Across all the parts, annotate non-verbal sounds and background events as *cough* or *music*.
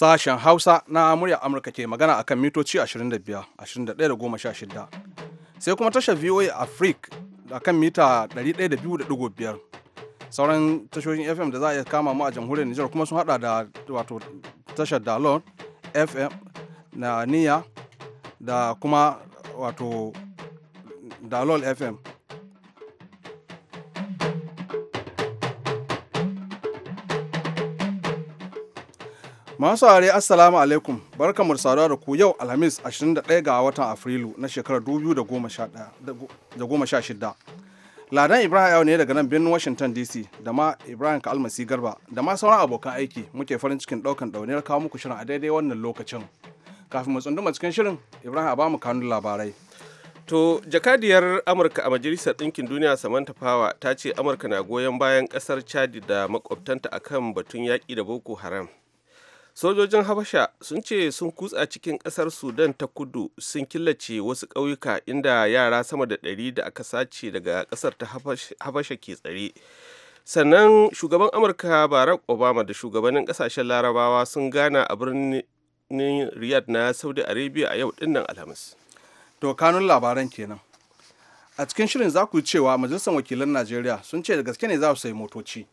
Sashen Hausa na murya Amurka ke magana akan mitoci 25, 21 Sai kuma tashar VOA da akan mita 102.5. Sauran tashoshin FM da za a iya kama mu a jamhuriyar Nijar kuma sun hada da wato tashar Dalon FM na Niya da kuma wato Dalol FM Masu are assalamu alaikum barka da saduwa da ku yau Alhamis 21 ga watan Afrilu na shekarar 2016. Ladan Ibrahim yau ne daga nan birnin Washington DC da ma Ibrahim Kalmasi Garba da ma sauran abokan aiki muke farin cikin daukan dauniyar kawo muku shirin a daidai wannan lokacin. Kafin mu tsunduma cikin shirin Ibrahim a bamu kanun labarai. To jakadiyar Amurka a Majalisar Ɗinkin Duniya Samantha Power ta ce Amurka na goyon bayan ƙasar chadi da makwabtanta akan batun yaƙi da Boko Haram. sojojin habasha sun ce sun kutsa cikin kasar sudan ta kudu sun killace wasu ƙauyuka inda yara sama da ɗari da aka sace daga kasar ta habasha ke tsare sannan shugaban amurka barack obama da shugabannin ƙasashen larabawa sun gana a birnin riyadh na saudi arabia a yau dinnan alhamis to kanun labaran kenan a cikin shirin za ku cewa majalisar wakilan najeriya sun ce da gaske ne za su sayi motoci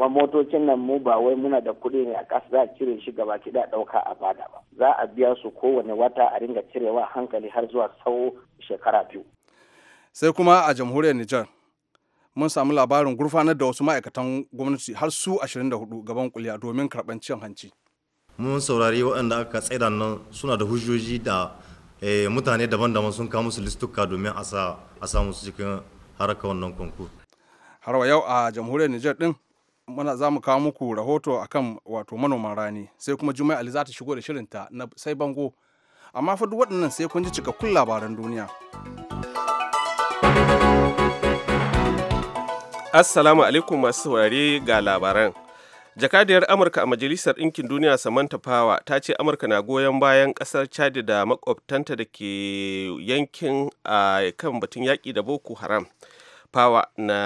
kuma motocin nan mu ba wai muna da kuɗi ne a ƙasa za a cire shi gaba ki da ɗauka a bada ba za a biya su kowane wata a ringa cirewa hankali har zuwa sau shekara biyu. sai kuma a jamhuriyar nijar mun samu labarin gurfanar da wasu ma'aikatan gwamnati har su 24 gaban kuliya domin karɓar cin hanci. mun saurari waɗanda aka tsaida nan suna da hujjoji da eh, mutane daban-daban sun kawo musu listuka domin a samu su cikin harkar wannan kwanku. har yau a jamhuriyar nijar ɗin. za mu kawo muku rahoto akan wato manoman rani sai kuma juma'a ali za ta shigo da shirinta na sai bango amma fa duk waɗannan sai kun ji cikakkun labaran duniya assalamu alaikum masu saurare ga labaran jakadiyar amurka a majalisar ɗinkin duniya samantha power ta ce amurka na goyon bayan ƙasar chad da makwabtanta da ke yankin a kan batun yaƙi da boko haram Power na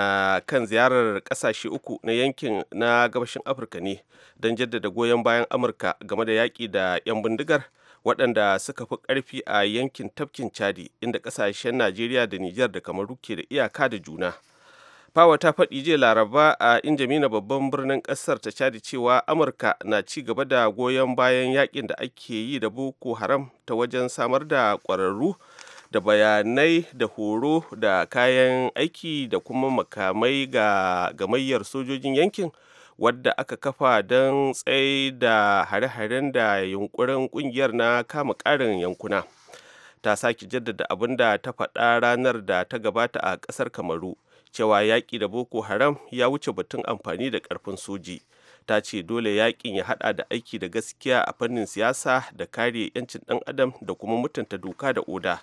kan ziyarar kasashe uku na yankin na gabashin Afirka ne don jaddada goyon bayan Amurka game da yaƙi da 'yan bindigar waɗanda suka fi ƙarfi a yankin tafkin Chadi inda ƙasashen Najeriya da Nijar da Kamaru ke da iyaka da juna. Fawa ta faɗi jiya Laraba a Injamina babban birnin ƙasar ta Chadi cewa Amurka na ci gaba da goyon bayan yaƙin da ake yi da Boko Haram ta wajen samar da ƙwararru da bayanai da horo da kayan aiki da kuma makamai ga gamayyar sojojin yankin wadda aka kafa don tsaye da hare-haren da yunkurin kungiyar na kama karin yankuna ta sake jaddada abin da ta faɗa ranar da ta gabata a ƙasar kamaru cewa yaƙi da boko haram ya wuce batun amfani da ƙarfin soji ta ce dole yaƙin ya haɗa da aiki da gaskiya a fannin siyasa da kare 'yancin ɗan adam da kuma mutunta doka da oda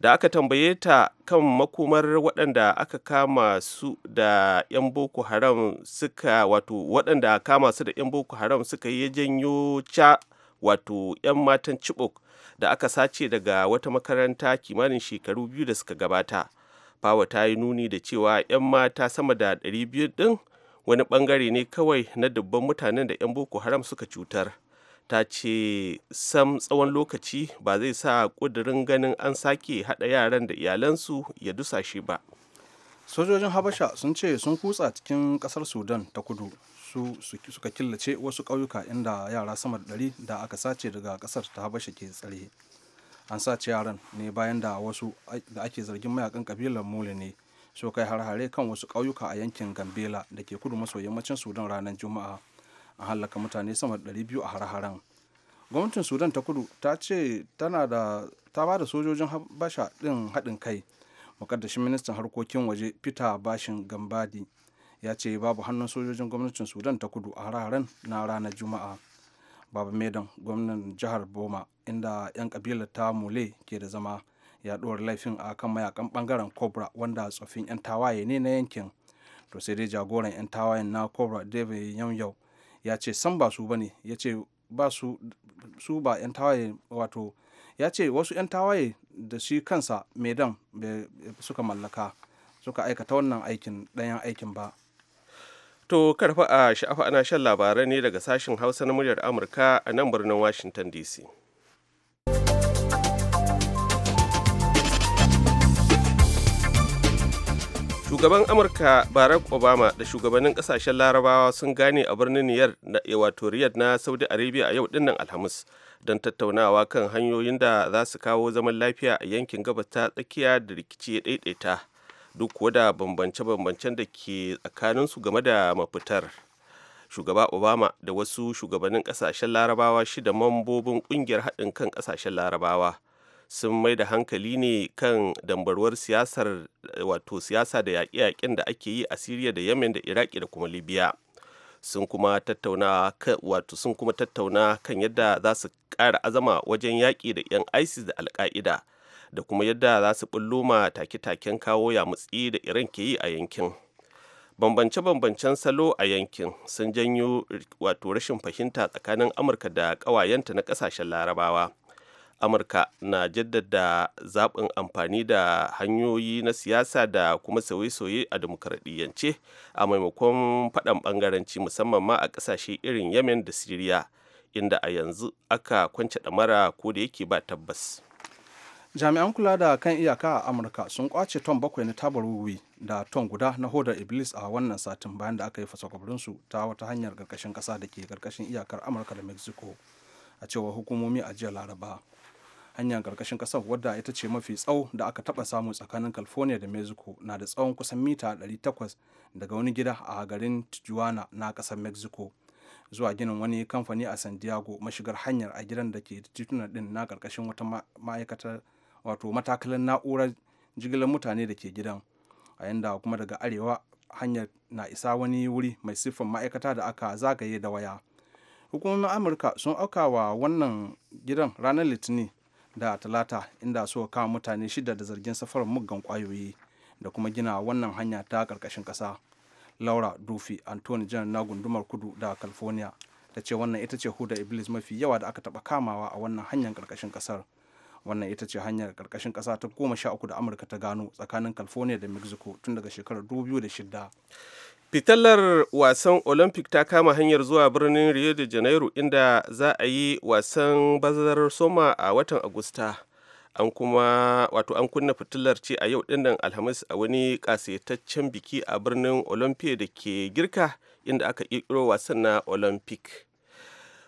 da aka tambaye ta kan makomar waɗanda aka kama su da 'yan boko haram suka wato waɗanda kama su da 'yan boko haram suka yi janyo ca wato 'yan matan chibok da aka sace daga wata makaranta kimanin shekaru biyu da suka gabata fawa ta yi nuni da cewa 'yan mata sama da ɗari 200 ɗin wani ɓangare ne kawai na dubban mutanen da 'yan boko haram suka cutar ta ce sam tsawon lokaci ba zai sa ƙudirin ganin an sake haɗa yaran da iyalansu ya dusashe ba sojojin habasha sun ce sun kutsa cikin ƙasar sudan ta kudu su suka killace wasu ƙauyuka inda yara sama da ɗari da aka sace daga ƙasar ta habasha ke tsare an sace yaran ne bayan da wasu da ake zargin mayakan kabilar mole ne so kai har-hare kan wasu ƙauyuka a yankin gambela da ke kudu maso yammacin sudan ranar juma'a a halaka mutane sama da 200 a har-haren gwamnatin sudan ta kudu ta ce tana da ta ba da sojojin basha din haɗin kai mukaddashin ministan harkokin waje peter bashin gambadi ya ce babu hannun sojojin gwamnatin sudan ta kudu a hararen na ranar juma'a babu medan gwamnan jihar boma inda 'yan kabilar ta mule ke da zama ya ɗora laifin a kan mayakan bangaren cobra wanda tsoffin 'yan tawaye ne na yankin to sai dai jagoran 'yan tawayen na cobra david yau. ya ce san ba su ba ne ya ce ba su ba 'yan tawaye wato ya ce wasu 'yan tawaye da shi kansa dan suka mallaka suka aikata wannan aikin ɗayan aikin ba to karfa a sha'afa ana shan labarai ne daga sashen hausa na muryar amurka a nan birnin washington dc shugaban amurka barack obama da shugabannin kasashen larabawa sun gane a birnin niyar eh, wato riyadh na saudi arabia a yau dinnan alhamis don tattaunawa kan hanyoyin da za su kawo zaman lafiya a yankin gabas ta tsakiya da rikici ya daidaita duk kuwa da bambance-bambancen da ke tsakaninsu game da mafitar shugaba obama da wasu shugabannin kasashen larabawa shida mambobin kungiyar haɗin kan kasashen larabawa sun mai da hankali ne kan dambarwar siyasar eh, wato siyasa da yaƙe-yaƙen da ake yi a Siriya da Yemen da Iraki da kuma Libya. Sun kuma tattauna wato sun kuma tattauna kan yadda za su ƙara azama wajen yaƙi da 'yan ISIS da al da kuma yadda za su ɓullo ma take-taken kawo yamutsi da Iran ke yi a yankin. bambance-bambancen salo a yankin sun janyo wato rashin fahimta tsakanin amurka da ƙawayenta na ƙasashen larabawa amurka na jaddada zaɓin amfani da hanyoyi na siyasa da kuma sauye-sauye a demokradiyyance a maimakon faɗan ɓangaranci musamman ma a ƙasashe irin yemen da siriya inda a yanzu aka kwance ɗamara ko da yake ba tabbas jami'an kula da kan iyaka a amurka sun kwace ton bakwai na tabar wuwi da ton guda na hodar iblis a wannan satin bayan da aka yi fasakwabrinsu ta wata hanyar karkashin ƙasa da ke karkashin iyakar amurka da mexico a cewar hukumomi a jiya laraba hanyar karkashin kasar wadda ita ce mafi tsawo da aka taba samu tsakanin california da mexico na da tsawon kusan mita 800 daga wani gida a garin tijuana na kasar mexico zuwa ginin wani kamfani a san diego mashigar hanyar a gidan da ke tituna din na karkashin wata ma'aikatar wato matakalan na'urar jigilar mutane da ke gidan a yanda kuma daga arewa hanyar na isa wani wuri mai siffar ma'aikata da aka zagaye da waya hukumomin amurka sun auka wa wannan gidan ranar litinin da talata inda suka kama mutane shida da zargin safarar muggan kwayoyi da kuma gina wannan hanya ta karkashin kasa laura dufi anthony jan na gundumar kudu da california da ce wannan ita ce huda iblis mafi yawa da aka taba kamawa a wannan hanyar karkashin kasar wannan ita ce hanyar karkashin kasa ta goma sha uku da amurka ta gano tsakanin california da mexico tun daga shekarar 2006 fitalar wasan olympic ta kama hanyar zuwa birnin rio de janeiro inda za a yi wasan bazarar soma a watan agusta an kuma wato an kunna fitilar ce a yau dinnan alhamis a wani kasaitaccen biki a birnin olympia da ke girka inda aka kirkiro wasan na olympic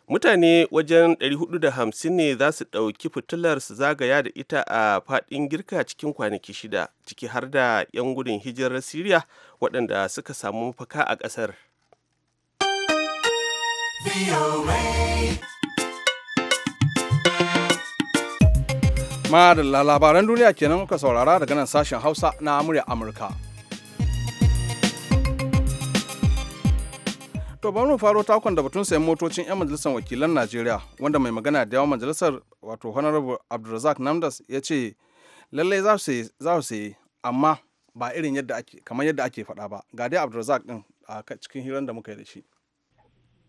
mutane wajen 450 ne za su ɗauki fitilar su zagaya da ita a faɗin girka cikin kwanaki shida ciki har da 'yan gudun hijirar siriya waɗanda suka samu mafaka a ƙasar ma labaran duniya kenan kuka saurara daga nan sashen hausa na murya amurka To ba mu faro takon da batun sayan motocin 'yan majalisar wakilan Najeriya wanda mai magana da yawan majalisar wato Honorable Abdulrazak Namdas ya ce lallai za su sayi amma ba irin yadda ake kamar yadda ake faɗa ba ga dai Abdulrazak din a cikin hirar da muka yi da shi.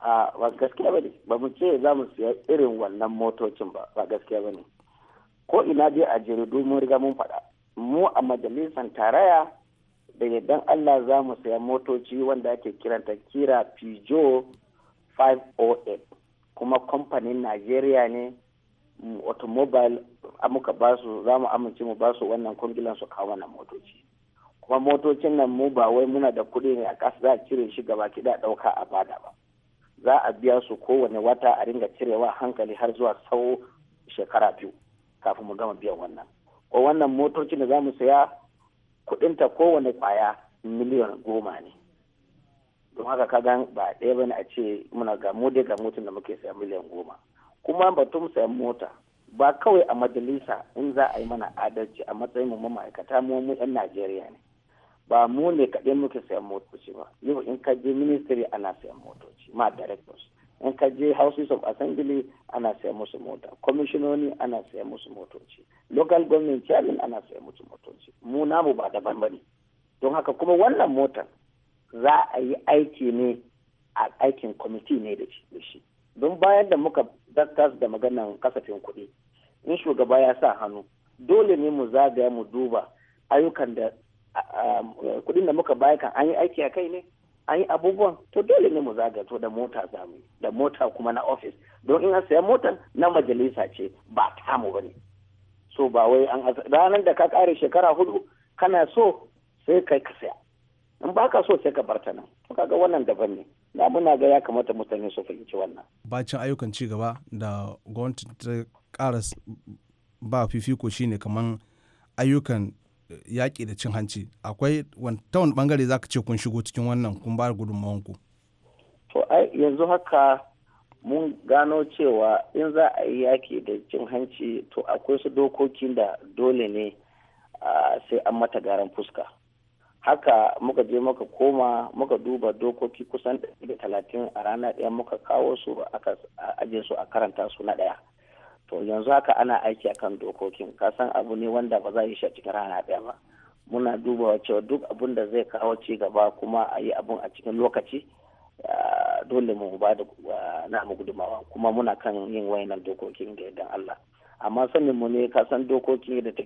A ba gaskiya ba ne ba mu ce za mu siya irin wannan motocin ba ba gaskiya ba ne. Ko ina dai a jere domin riga mun faɗa mu a majalisar tarayya da dan Allah za mu saya motoci wanda ake kiranta kira Peugeot 508 kuma kamfanin Najeriya ne mm, automobile muka ba su za mu amince mu ba su wannan kungilan su kawo wannan motoci kuma motocin nan mu ba wai muna da kuɗi ne a ƙasa za a cire shi gaba kiɗa ɗauka a bada ba za a biya su kowane wata a ringa cirewa hankali har zuwa sau shekara biyu kafin mu gama biyan wannan ko wannan motocin da za mu saya kudinta kowane kwaya miliyan goma ne don haka ka kaga ba ɗaya bane a ce muna ga mu dai ga motar da muke sayan miliyan goma kuma batun sayan mota ba kawai a majalisa in za a yi mana adalci a matsayin mu ma'aikata mu mu yan Najeriya ne ba mu ne kaɗai muke sayan motoci ba yau in ka je ministry ana sayan motoci ma directors in ka je houses of assembly ana saya musu mota kwamishinoni ana saya musu motoci local government chairman ana sai musu motoci mu namu ba daban bane don haka kuma wannan mota za a yi aiki ne a aikin kwamiti ne da shi don bayan da muka zartas da maganan kasafin kuɗi in shugaba ya sa hannu dole ne mu zagaya mu duba ayyukan da kuɗin da muka baya an yi aiki a kai ne a yi abubuwan to dole ne mu zagato da mota zamu da mota kuma na ofis don in an saya motar na majalisa ce ba tamu ba ne so ba wai an ranar da ka kare shekara hudu kana so sai kai ka saya in ba ka so sai ka bar ta nan to kaga wannan daban ne na muna ga ya kamata mutane su fahimci wannan bacin ayyukan ci gaba da gwamnati ta ƙara ba fifiko shine kaman ayyukan yaƙi da cin hanci akwai ta wani bangare za ka ce kun shigo cikin wannan kun ba gudunmawanku to ai yanzu haka mun gano cewa in za a yi yaƙi da cin hanci to akwai su dokokin da dole ne sai an mata garan fuska haka muka je muka koma muka duba dokoki kusan talatin a rana ɗaya muka kawo su aka aje su a karanta su na ɗaya to yanzu haka ana aiki a kan dokokin kasan abu ne wanda ba za yi shi cikin rana ɗaya ba muna dubawa cewa duk abun da zai kawo ci gaba kuma a yi abun a cikin lokaci ah, dole mu ba da ah, namu gudumawa kuma muna kan yin wayanan dokokin da Allah amma sanin mu ne kasan dokokin da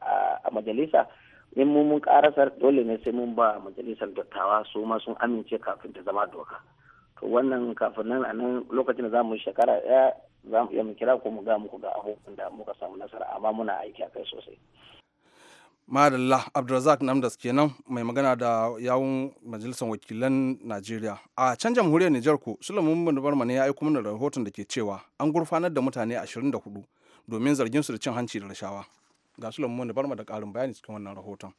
ah, a majalisa in mu mun karasar dole ne sai mun ba majalisar dattawa su ma sun amince kafin ta zama doka to wannan kafin nan a nan lokacin da za mu shekara ɗaya za mu iya mu kira ko mu ga muku ga abubuwan da muka samu nasara amma muna aiki a kai sosai madalla abdulrazak namdas kenan mai magana da yawun majalisar wakilan najeriya a can jamhuriyar nijar ko sulaiman barma ne ya aiko mana rahoton da ke cewa an gurfanar da mutane 24 domin zargin su da cin hanci da rashawa ga sulaiman barma da karin bayani cikin wannan rahoton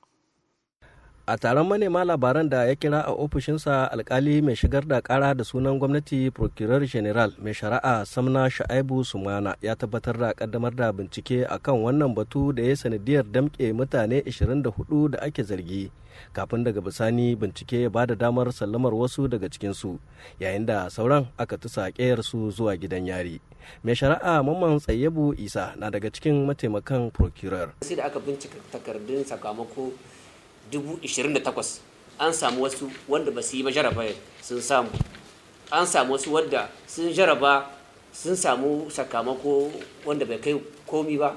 a taron manema labaran da ya kira a ofishinsa alkali mai shigar da kara da sunan gwamnati procureur general mai shari'a samna sha'aibu sumana ya tabbatar da kaddamar da bincike akan wannan batu da ya sanadiyar damke mutane 24 da ake zargi kafin daga bisani bincike ya bada damar sallamar wasu daga cikinsu yayin da sauran aka tusa su zuwa gidan yari mai shari'a mamman tsayyabu isa na daga cikin mataimakan procureur da aka bincika takardun sakamako 28 an samu wasu wanda ba su yi ba jaraba sun samu an samu wasu wanda sun jaraba sun samu sakamako wanda bai kai komi ba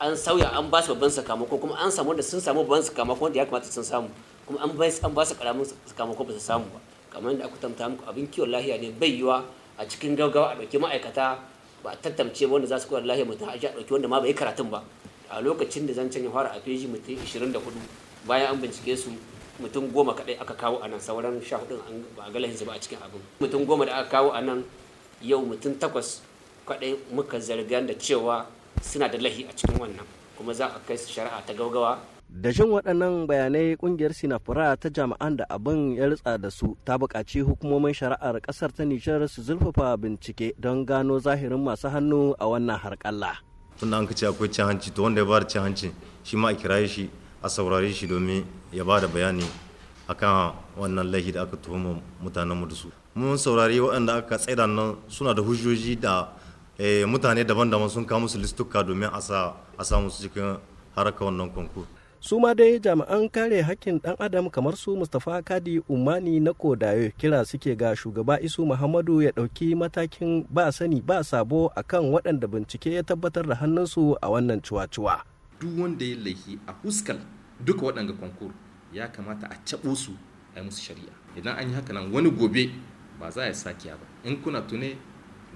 an sauya an ba su babban sakamako kuma an samu wanda sun samu babban sakamako wanda ya kamata sun samu kuma an ba su karamin sakamako ba su samu ba kamar yadda aka tamta muku abin kiwon lahiya ne bai yiwa a cikin gaggawa a ɗauki ma'aikata ba a tantance wanda za su koyar lahiya mutum a ɗauki wanda ma bai karatun ba a lokacin da zan ya fara a feji mutum 24 bayan an bincike su mutum goma kadai aka kawo a nan sauran sha hudun ba a ga lahinsu ba a cikin abin mutum goma da aka kawo a nan yau mutum takwas kadai muka zarga da cewa suna da lahi a cikin wannan kuma za a kai su shari'a ta gaugawa da jin waɗannan bayanai kungiyar sinafura ta jami'an da abin ya ritsa da su ta buƙaci hukumomin shari'ar ƙasar ta nijar su zulfafa bincike don gano zahirin masu hannu a wannan harƙalla tun an ka ce akwai cin hanci to wanda ya bada cin hanci shi ma a kiraye shi a saurare shi domin ya ba da bayani kan wannan laifi da aka tuhuma mutanen mu da su mun saurari waɗanda aka tsaida nan suna da hujjoji da eh, mutane daban-daban sun kawo musu listuka domin a samu su cikin haraka wannan kwanku su ma dai jami'an kare hakkin dan adam kamar su mustapha kadi umani na kodayo kira suke ga shugaba isu muhammadu ya ɗauki matakin ba sani ba sabo akan waɗanda bincike ya tabbatar da hannunsu a wannan cuwa-cuwa duk wanda ya laifi a fuskal duk waɗanga konkur ya kamata a caɓo su a yi musu shari'a idan an yi haka nan wani gobe ba za a sakiya ba in kuna tune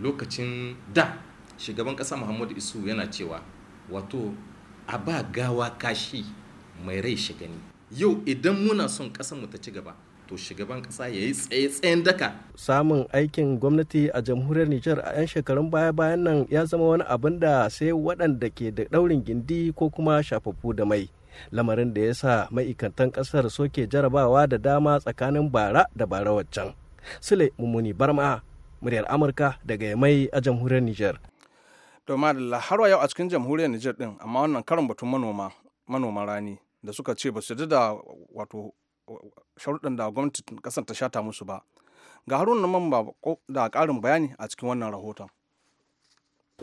lokacin da shugaban ƙasa muhammadu isu yana cewa wato a ba gawa kashi mai rai shi gani yau idan muna son ƙasar mu ta ci gaba to shugaban ƙasa ya yi tsaye-tsayen daka. Samun aikin gwamnati a jamhuriyar Nijar a 'yan shekarun baya-bayan nan ya zama wani abin da sai waɗanda ke da ɗaurin gindi ko kuma shafaffu da mai. lamarin da ya sa ma'aikatan kasar soke jarabawa da dama tsakanin bara da bara waccan. Sule Mummuni Barma, muryar Amurka daga Yamai a jamhuriyar Nijar. Domin har yau a cikin jamhuriyar Nijar ɗin, amma wannan karin batun manoma, manoman rani da suka ce ba su ji da wato sharuɗin da gwamnati kasar ta shata musu ba. Ga haruna man ba da ƙarin bayani a cikin wannan rahoton.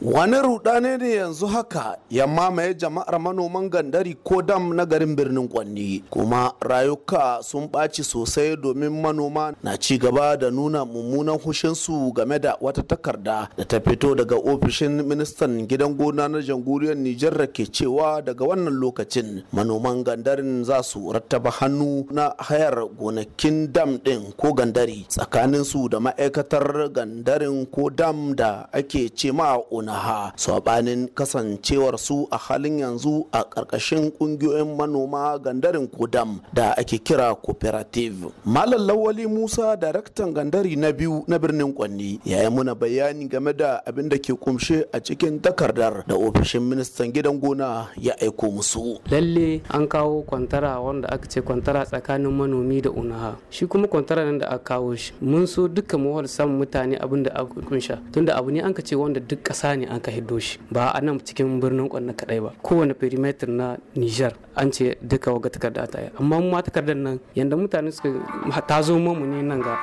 wani rudane ne yanzu haka ya mamaye jama'ar manoman gandari ko dam na garin birnin kwanni kuma rayuka sun ɓaci sosai domin manoma na ci gaba da nuna mummunan hushinsu game da wata takarda da ta fito daga ofishin ministan gidan gona na jamhuriyar nijar da ke cewa daga wannan lokacin manoman gandarin za su rattaba hannu na hayar gonakin dam ɗin ko gandari tsakaninsu da ma'aikatar gandarin ko dam da ake ce ma dunaha sabanin kasancewar su a halin yanzu a ƙarƙashin ƙungiyoyin manoma gandarin kudam da ake kira cooperative malam lawali musa daraktan gandari na biyu na birnin kwanni ya yi muna bayani game da abin da ke kumshe a cikin takardar da ofishin ministan gidan gona ya aiko musu lalle an kawo kwantara wanda aka ce kwantara tsakanin manomi da unaha shi kuma kwantara nan da aka kawo shi mun so dukkan mu samun mutane abin da aka kunsha tunda abu ne an ka ce wanda duk ƙasa ne an ka hiddo shi ba a nan cikin birnin kwanna kadai ba kowane perimeter na niger an ce duka waga takarda ta yi amma mu ma takardar nan yanda mutane suka ta zo mu ne nan ga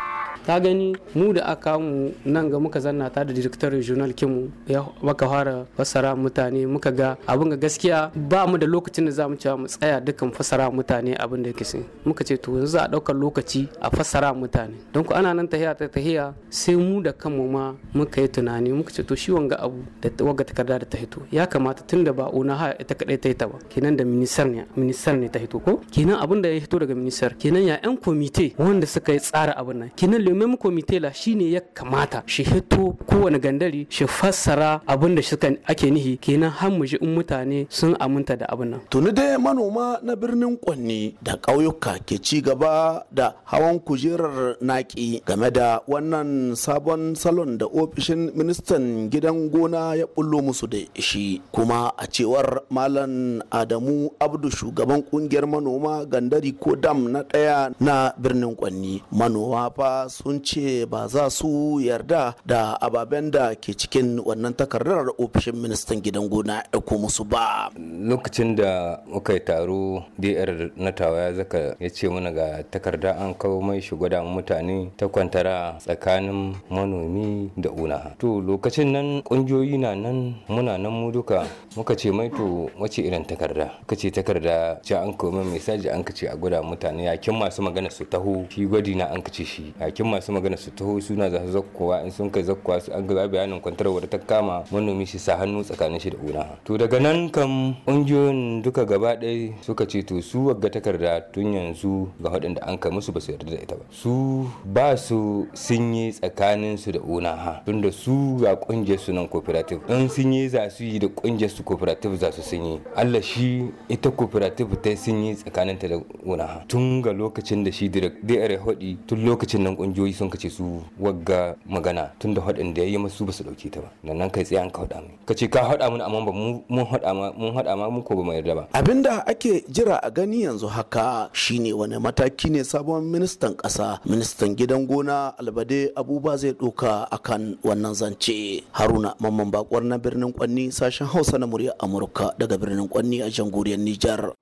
ta gani mu da aka mu nan ga muka zanna ta da director regional kinmu ya baka fara fassara mutane muka ga abin ga gaskiya ba mu da lokacin da zamu cewa mu tsaya dukan fassara mutane abin da yake sai muka ce to yanzu a daukar lokaci a fassara mutane don ku ana nan tahiya ta tahiya sai mu da kanmu ma muka yi tunani muka ce to shi wanga abu da waga takarda da ta hito ya kamata tun da ba una ha ita kadai ta hita ba kenan da minister ne minister ne ta hito ko kenan abin da ya hito daga minister kenan ya yan komite wanda suka yi tsara abin nan kenan le komite la shine ya kamata shi hito kowane gandari shi fassara abin da suka ake nihi kenan har mu in mutane sun aminta da abin nan tuni dai manoma na birnin kwanni da ƙauyuka ke ci gaba da hawan kujerar naki game da wannan sabon salon da ofishin ministan gidan gona ya bullo musu da shi kuma a cewar malam adamu abdu shugaban kungiyar manoma gandari ko dam na ɗaya na birnin kwanni manoma fa sun ce ba za su yarda da ababen da ke cikin wannan takardar ofishin ministan gidan gona ya ɗauko musu ba lokacin da muka yi taro dr na tawaya zaka ya ce mana ga takarda an kawo mai shi gwada mutane ta kwantara tsakanin manomi da una to lokacin nan ƙungiyoyi na nan muna nan mu duka muka ce mai to wace irin takarda muka ce takarda ce an kawo mai saji an ce a gwada mutane yakin masu magana su taho shi gwadi na an ce shi masu magana su taho suna za su zakkowa in sun kai zakkowa su an gaba bayanin kwantar wadda ta kama manomi shi sa hannu tsakanin shi da una to daga nan kam ƙungiyoyin duka gaba ɗaya suka ce to su wagga takarda tun yanzu ga waɗanda an kai musu ba su yarda da ita ba su ba su sun yi tsakanin su da una ha tunda su ga ƙungiyar su nan cooperative in sun yi za su yi da ƙungiyar su cooperative za su sun yi Allah shi ita cooperative ta sun yi tsakanin ta da una ha tun ga lokacin da shi direct dai hodi tun lokacin nan ƙungiyar yoyi sun kace su wagga magana tun da haɗin da ya yi masu ba su dauke ta ba nan nan kai tsaye an ka haɗa ka kace ka haɗa mun amma ba mun haɗa ma mun haɗa ma mun ko ba mu yarda ba abinda ake jira a gani yanzu haka shine wani mataki ne sabon ministan ƙasa ministan gidan gona albade abuba zai doka akan wannan zance haruna mamman bakwar na birnin kwanni sashen hausa na murya amurka daga birnin kwanni a jamhuriyar nijar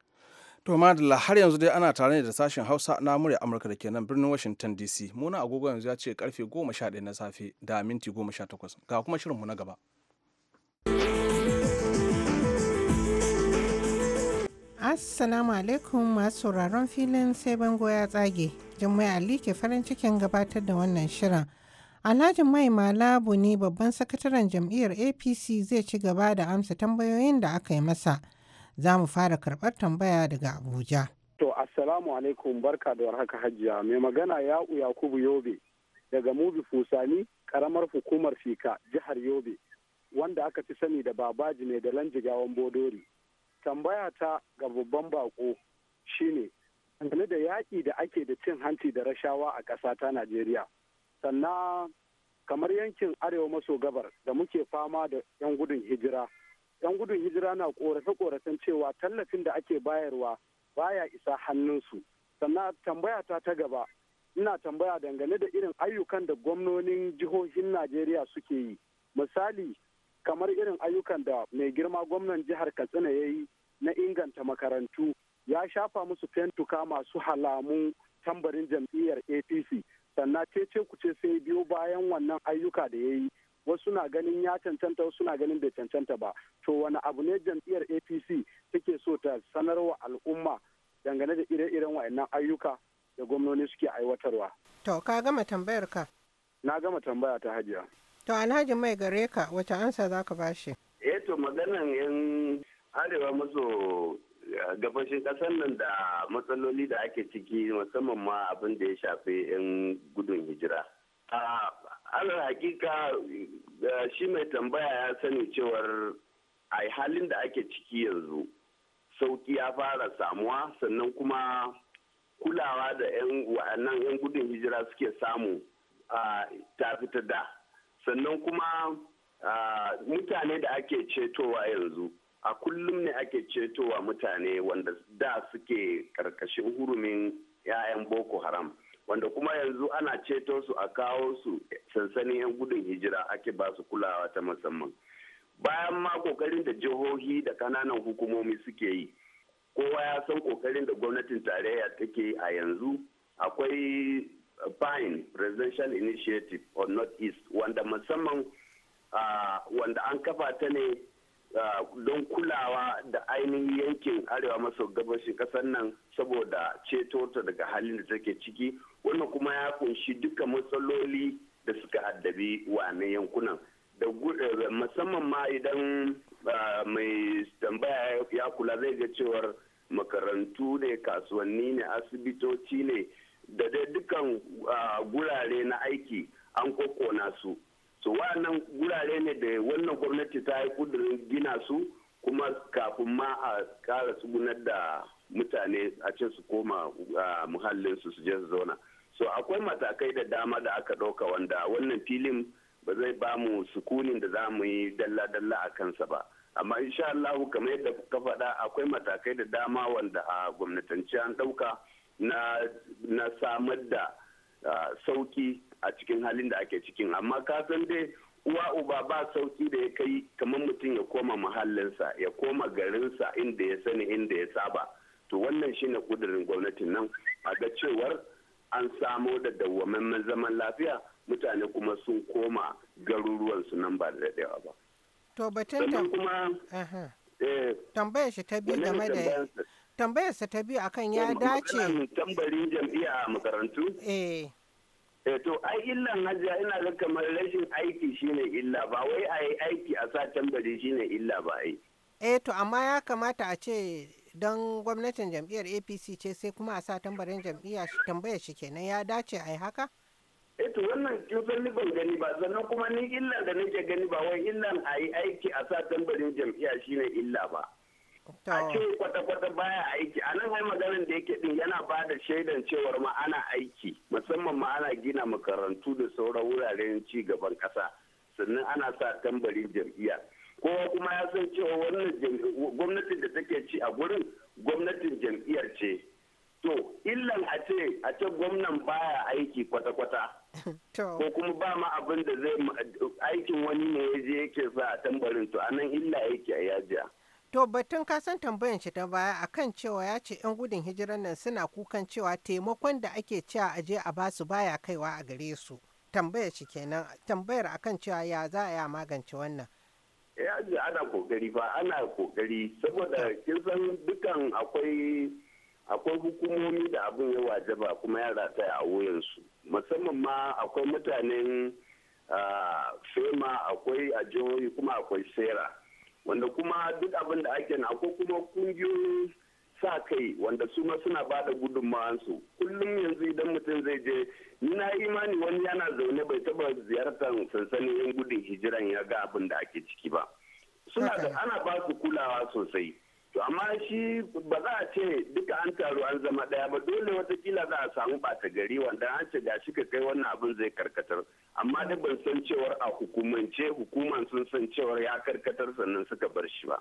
To madalla har yanzu dai ana tare da sashen Hausa na murya Amurka da ke nan birnin Washington DC. Muna agogo yanzu ya ce karfe 11 na safe da minti 18. Ga kuma shirinmu na gaba. Assalamu alaikum masu sauraron filin sai bango ya tsage. Jummai Ali ke farin cikin gabatar da wannan shirin. Alhaji Mai Malabu ne babban sakataren jam'iyyar APC zai ci gaba da amsa tambayoyin da aka yi masa. za mu fara karɓar tambaya daga Abuja. To, Assalamu alaikum barka da warhaka hajiya mai magana ya'u Yakubu Yobe daga Mubi Fusani, karamar hukumar Fika, jihar Yobe, wanda aka fi sani da babaji mai da lanjigawan Bodori. Tambaya ta ga babban bako shine ne, da yaƙi da ake da cin hanci da rashawa a ƙasa ta Najeriya. Sannan kamar yankin arewa maso gabar da muke fama da 'yan gudun hijira 'yan gudun hijira na korafe-korafen cewa tallafin da ake bayarwa baya isa hannunsu sannan tambaya ta ta gaba ina tambaya dangane da irin ayyukan da gwamnonin jihohin najeriya suke yi misali kamar irin ayyukan da mai girma gwamnan jihar katsina ya yi na inganta makarantu ya shafa musu fentuka masu halamu tambarin jam'iyyar apc sannan ce ce sai biyo bayan wannan ayyuka da ya yi wasu na ganin ya cancanta wasu na ganin bai cancanta ba to wani abu ne jam'iyyar apc take so ta sanarwa al'umma dangane da ire-iren wa'annan ayyuka da gwamnoni suke aiwatarwa to ka gama tambayar ka na gama tambaya ta hajiya to alhaji mai gare ka wata ansa za ka bashi eh to maganan yan arewa maso gabashin kasar nan da matsaloli da ake ciki musamman ma abin da ya shafi 'yan gudun hijira. Ah, allah hakika eh, shi mai tambaya ya sani cewar a halin da ake ciki yanzu sauki ya fara samuwa sannan kuma kulawa da 'yan wa'annan 'yan gudun hijira suke samu ta fita da sannan kuma mutane da ake cetowa yanzu a kullum ne ake cetowa mutane wanda da suke karkashin hurumin 'ya'yan boko haram wanda kuma yanzu ana ceto su a kawo su sansanin 'yan gudun hijira ake ba su kulawa ta musamman bayan ma kokarin da jihohi da kananan hukumomi suke yi kowa ya san kokarin da gwamnatin tarayya take a yanzu akwai uh, fine presidential initiative on northeast wanda musamman uh, wanda an kafa ta ne uh, don kulawa da ainihin yankin arewa maso gabashin kasar nan saboda ceto ta daga halin da take ciki wannan kuma ya kunshi duka matsaloli da suka addabi wa yankunan da eh, musamman ma idan mai tambaya ya kula zai ga cewar makarantu ne kasuwanni ne asibitoci ne da dai dukan ah, gurare na aiki an kokona su so wannan gurare ne da wannan gwamnati ta yi kudurin gina su kuma kafin ma a kara tsugunar da mutane a ce su koma ah, muhallinsu su je su zauna so akwai matakai da dama da aka ɗauka wanda wannan filin ba zai ba mu sukunin da za mu yi dalla-dalla a kansa ba amma insha Allah kamar yadda ka faɗa akwai matakai da dama wanda a gwamnatance an ɗauka na samar da sauki a cikin halin da ake cikin amma ka san dai uwa uba ba sauki da ya kai kamar mutum ya koma mahallinsa ya koma garinsa inda ya sani inda ya saba to wannan shine kudirin gwamnatin nan a ga cewar an samo da dawwamammen zaman lafiya mutane kuma sun koma garuruwansu nan ba da daɗewa ba. To batun eh, tambayar shi ta biyu game da tambayar sa ta biyu akan ya dace tambarin jam'iyya a makarantu eh eh to ai illan hajiya ina ga kamar rashin aiki shine illa ba wai a aiki a sa tambari shine illa ba ai eh to amma ya kamata a ce don gwamnatin jam'iyyar apc ce sai kuma a sa tambarin jam'iyya tambayar shi kenan ya dace a yi haka eto eh wannan kyautar ni ban gani ba sannan kuma ni illan da nake gani ba wai illan a yi aiki a sa tambarin jam'iyya shine illa ba a ce kwata-kwata baya aiki a nan maganin da yake din yana ba da shaidan cewar ma ana aiki musamman ma ana gina makarantu da sauran wuraren ci gaban kasa sannan ana sa tambarin jam'iyya kowa kuma ya san cewa wannan gwamnatin da take ci a gurin gwamnatin jam'iyyar ce to illan a ce a ce gwamnan baya aiki kwata-kwata *laughs* ko kuma ba ma abin da zai aikin wani ne ya je yake sa a tambarin to anan illa yake a yajiya To batun kasan tambayan shi ta baya akan cewa ya ce 'yan gudun hijirar nan suna kukan cewa taimakon da ake cewa a je a basu baya kaiwa a gare su. Tambayar shi kenan tambayar akan cewa ya za a magance wannan. ya eh, ana kokari ba ana kokari saboda hmm. kin san dukan akwai akwai hukumomi da abin ya wajaba kuma ya rata a wuyansu musamman ma akwai mutanen ah, fema akwai a jihohi kuma akwai sera wanda kuma duk abin da ake na akwai kuma kungiyoyin sa kai wanda su ma suna ba da gudunmawansu kullum yanzu idan mutum zai je ni na imani wani yana zaune bai taba ziyartar sansanin yan gudun hijiran ya ga abin da ake ciki ba suna da ana ba su kulawa sosai to amma shi ba za a ce duka an taru an zama daya ba dole watakila za a samu bata gari wanda an ce ga shi ka kai wannan abin zai karkatar amma duk ban san cewar a hukumance hukuman sun san cewar ya karkatar sannan suka bar shi ba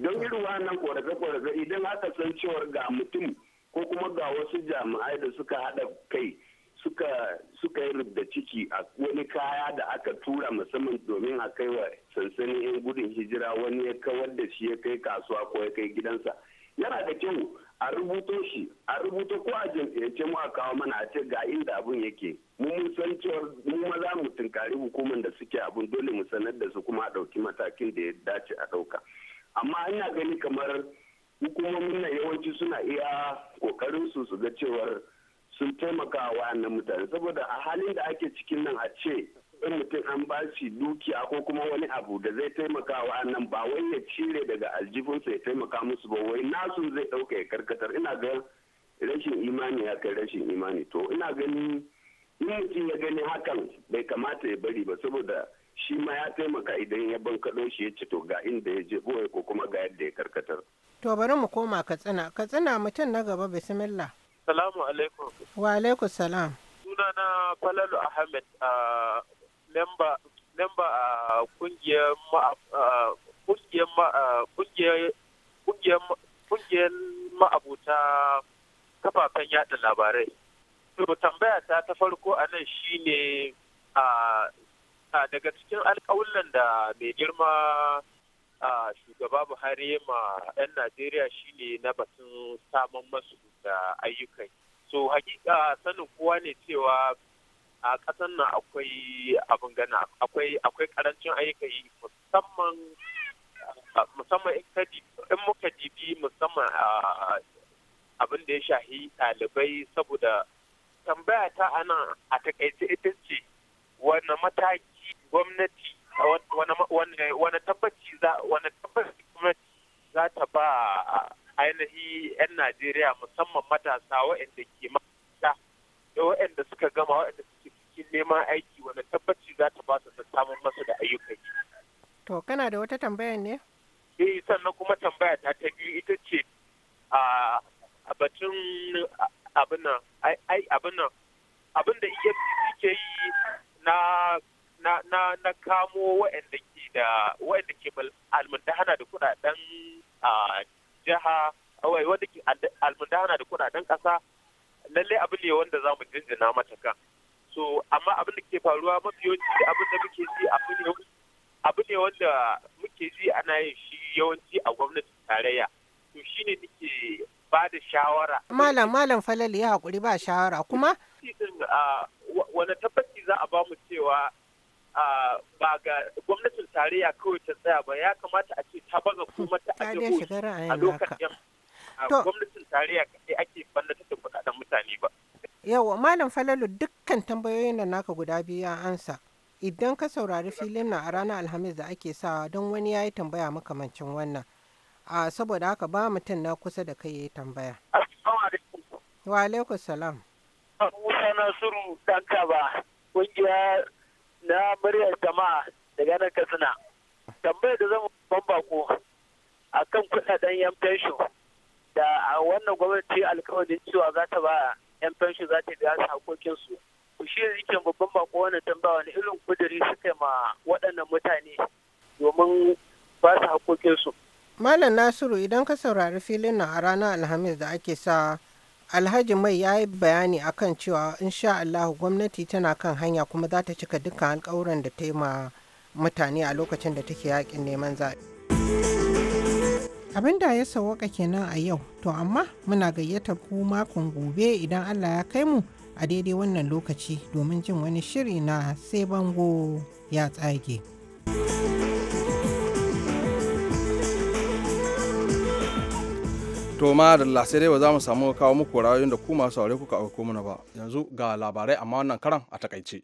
don irin wannan kwarage-kwarage idan aka san cewar ga mutum ko kuma ga wasu jami'ai da suka haɗa kai suka yi rubda ciki a wani kaya da aka tura musamman domin a kai wa sansanin 'yan gudun hijira wani ya kawar da shi ya kai kasuwa ko ya kai gidansa yana da kyau a rubuto shi a rubuto ko a jam'iyyance mu a kawo mana a ce ga inda abun yake mu mun san cewa mu maza mu tunkari hukumar da suke abun dole mu sanar da su kuma a ɗauki matakin da ya dace a ɗauka amma ina gani kamar hukumomin nan yawanci suna iya ƙoƙarin su su ga cewar sun taimaka wa wayannan mutane saboda a halin da ake cikin nan a ce in mutum an ba shi dukiya ko kuma wani abu da zai taimaka wa wayannan ba wai ya cire daga aljibinsa ya taimaka musu ba wai nasu zai ɗauka ya karkatar ina ga rashin imani ya kai rashin imani to ina gani in mutum ya gani hakan bai kamata ya bari ba saboda shi ma ya taimaka idan ya bankaɗo shi ya ce to ga inda ya je ko kuma ga yadda ya karkatar. To bari mu koma Katsina. Katsina mutum na gaba bismillah. Salamu alaikum. Wa alaikum salam. Sunana Falalu Ahmed a memba a kungiyar ma'abuta kafafen yada labarai. To tambaya ta ta farko a nan shi ne a daga cikin alƙawulan da mai girma a shugaba buhari ma 'yan najeriya shine na batun saman masu da ayyukan so hakika sanin kowa ne cewa a ƙasar nan akwai abin gana akwai akwai karancin ayyukan yi musamman musamman in muka dibi musamman abin da ya shahi ɗalibai saboda tambaya ta ana a takaice ita ce wani mataki gwamnati wani tabbaci wani tabbaci gwamnati za ta ba ainihi 'yan Najeriya musamman matasa waɗanda ke mata da waɗanda suka gama waɗanda suke cikin neman aiki wani tabbaci za ta ba su ta samun masu da ayyuka yi. To kana da wata tambaya ne? Eh sannan kuma tambaya ta ta biyu ita ce a batun abin nan abin da e ke yi na na na na kamo waɗanda ke da waɗanda ke almundahana da kuɗaɗen jiha wanda ke almundahana da kuɗaɗen ƙasa lalle abu ne wanda za mu jinjina mata kan so amma abin da ke faruwa mafi yawanci abin da muke ji abu ne wanda muke ji ana yin shi yawanci a gwamnati tarayya to shine nake ba da shawara malam malam falali ya haƙuri ba shawara kuma wani tabbaci za a ba mu cewa ba ga gwamnatin tarayya kawai ta tsaya ba ya kamata a ce ta baga kuma ta a lokacin gwamnatin tarayya kaɗai ake ballata da kudaden mutane ba. Yawa Malam Falalu dukkan tambayoyin da naka guda biyu ya ansa. Idan ka saurari filin na a ranar Alhamis da ake sawa don wani ya yi tambaya makamancin wannan. saboda haka ba mutum na kusa da kai ya yi tambaya. Wa alaikun salam. Musa Nasiru ba. ƙungiya na muryar jama'a daga nan katsina tambayar da zan ban bako a kan kudaden yan fensho da a wannan gwamnati alkawarin cewa za ta ba yan fenshi za ta biya su hakokinsu ku shi yake babban bako wannan tambaya wani irin kuduri suka ma waɗannan mutane domin ba su hakokinsu. Malam Nasiru idan ka saurari filin nan a ranar Alhamis da ake sa alhaji mai ya yi bayani akan cewa insha allahu gwamnati tana kan hanya kuma za ta cika dukkan alkawuran da ta yi ma mutane a lokacin da take yakin neman zaɓe. abin da ya sawaka kenan a yau to amma muna gayyata ku makon gobe idan allah ya kai mu a daidai wannan lokaci domin jin wani shiri na sai bango ya tsage. to ma da sai dai ba za mu samu kawo muku rayuwar da ku masu aure kuka auko mana ba yanzu ga labarai amma wannan karan a takaice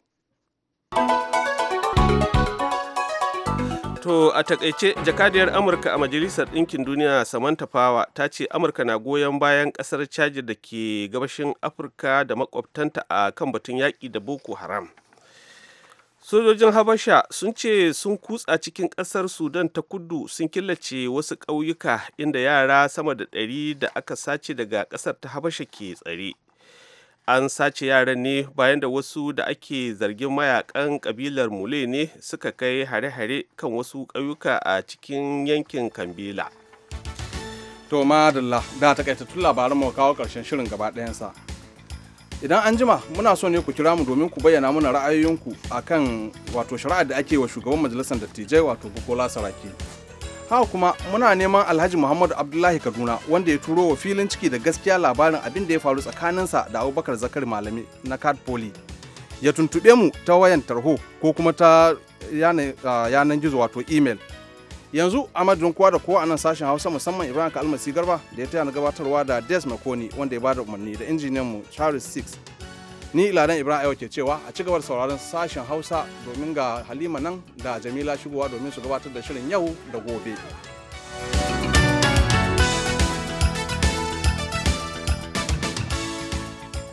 To a takaice jakadiyar Amurka a Majalisar Ɗinkin Duniya Samantha Power ta ce Amurka na goyon bayan ƙasar caji da ke gabashin Afirka da makwabtanta a kan batun yaƙi da Boko Haram. sojojin habasha sun ce sun kutsa cikin ƙasar sudan ta kudu sun killace wasu ƙauyuka inda yara sama da ɗari da aka sace daga ƙasar ta habasha ke tsare an sace yaran ne bayan da wasu da ake zargin mayakan ƙabilar mule ne suka kai hare-hare kan wasu ƙauyuka a cikin yankin kambila to madalla da takaitattun labaran mu kawo ƙarshen shirin gaba ɗayansa idan an jima muna so ne ku kira mu domin ku bayyana mana ra'ayoyinku akan wato shari'ar da ake wa shugaban majalisar dattijai wato bukola saraki haka kuma muna neman alhaji muhammadu abdullahi kaduna wanda ya turo wa filin ciki da gaskiya labarin abin da ya faru tsakaninsa da abubakar zakar malami na card poli ya tuntube mu ta wayan tarho ko kuma ta yanan ah, gizo wato email yanzu a madadin kowa da kowa a nan sashen hausa musamman ibrahim kalmasi garba da ya taya na gabatarwa da des makoni wanda ya bada umarni da injiniyan mu charles six ni ladan ibrahim ayo ke cewa a cigaba da sauraron sashen hausa domin ga halima nan da jamila shigowa domin su gabatar da shirin yau da gobe.